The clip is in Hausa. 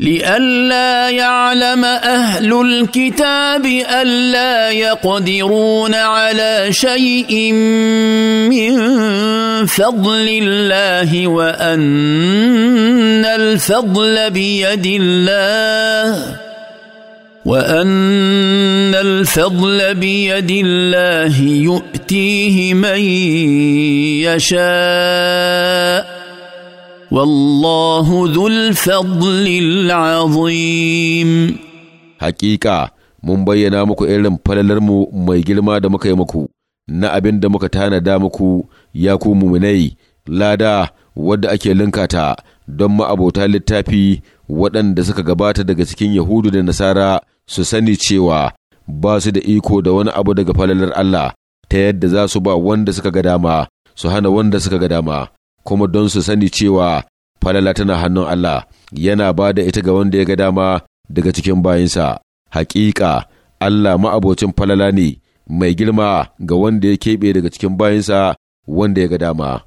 لئلا يعلم اهل الكتاب الا يقدرون على شيء من فضل الله وان الفضل بيد الله وان الفضل بيد الله يؤتيه من يشاء Wallahu, dhul fadli العظيم hakika mun bayyana muku irin falalar mu mai girma da muka yi muku na abin da muka tanada muku ya ku muminai lada wadda ake linkata don ma'abota littafi waɗanda suka gabata daga cikin yahudu da nasara su sani cewa ba su da iko da wani abu daga falalar Allah ta yadda za su ba wanda suka ga dama su hana wanda suka ga dama kuma don su sani cewa falala tana hannun Allah yana ba da ita ga wanda ya ga dama daga cikin bayinsa hakika Allah ma'abocin falala ne mai girma ga wanda ya keɓe daga cikin bayinsa wanda ya ga dama